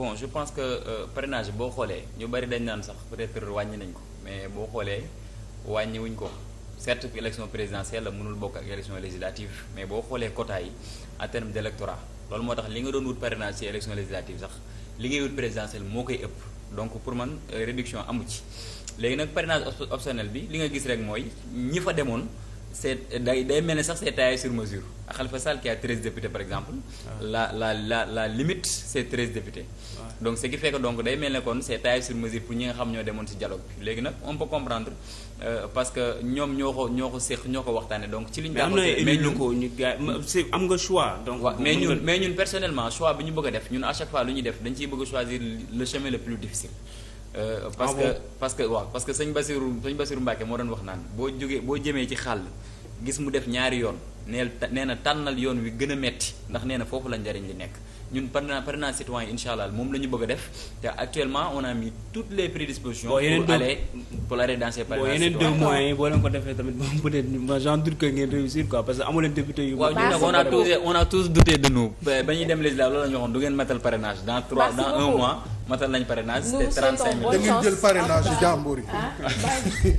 bon je pense que euh, parrainage boo xoolee ñu bari dañ naan sax peut-être wàññi nañ ko mais boo xoolee wàññiwuñ ko certes que présidentielle la mënul bokk ak élection législative mais boo xoolee cota yi en terme d'électorat loolu moo tax li nga doon wut parrainage ci élection législative sax li ngay wut présidentielle moo koy ëpp donc pour man euh, réduction amu ci léegi nag parrainage optionnel bi li nga gis rek mooy ñi fa demoon c'est day day mel ne sax c'est taillé sur xalifa Sall qui a 13 députés par exemple. la la la la limite c'est 13 députés. donc ce qui fait donc day mel ne kon c'est taillé sur mesure pour ñi nga xam ñoo demoon ci dialogue bi léegi nag on peut comprendre euh, parce que ñoom ñoo ko ñoo ko séq ñoo ko waxtaanee donc. ci liñ daan mais ñu ko ñu gars am nga choix. donc mais ñun mais ñun ñu bëgg a def ñun à chaque fois lu ñuy def dañ ciy bëgg a choisir le chemin le plus difficile. Euh, ah parce, que, parce que parce que waaw parce que sëñ Basirou sëñ Basirou Mbacke moo doon wax naan boo jógee boo jëmee ci xàll gis mu def ñaari yoon. neel nee na tànnal yoon wi gën a metti ndax nee na foofu la jariñ li nekk ñun parrainage parrainage citoyen yi moom la ñu bëgg def te actuellement on a mis toutes boo yeneen pour aller defee tamit peut être j'en doute que ngeen réussir quoi parce que amu leen député yu. a tous on ba ñuy dem législative loolu la ñu waxoon du ngeen matal parrainage dans trois dans un mois matal nañ parrainage. c'est 35 000 da jël parrainage jàmbur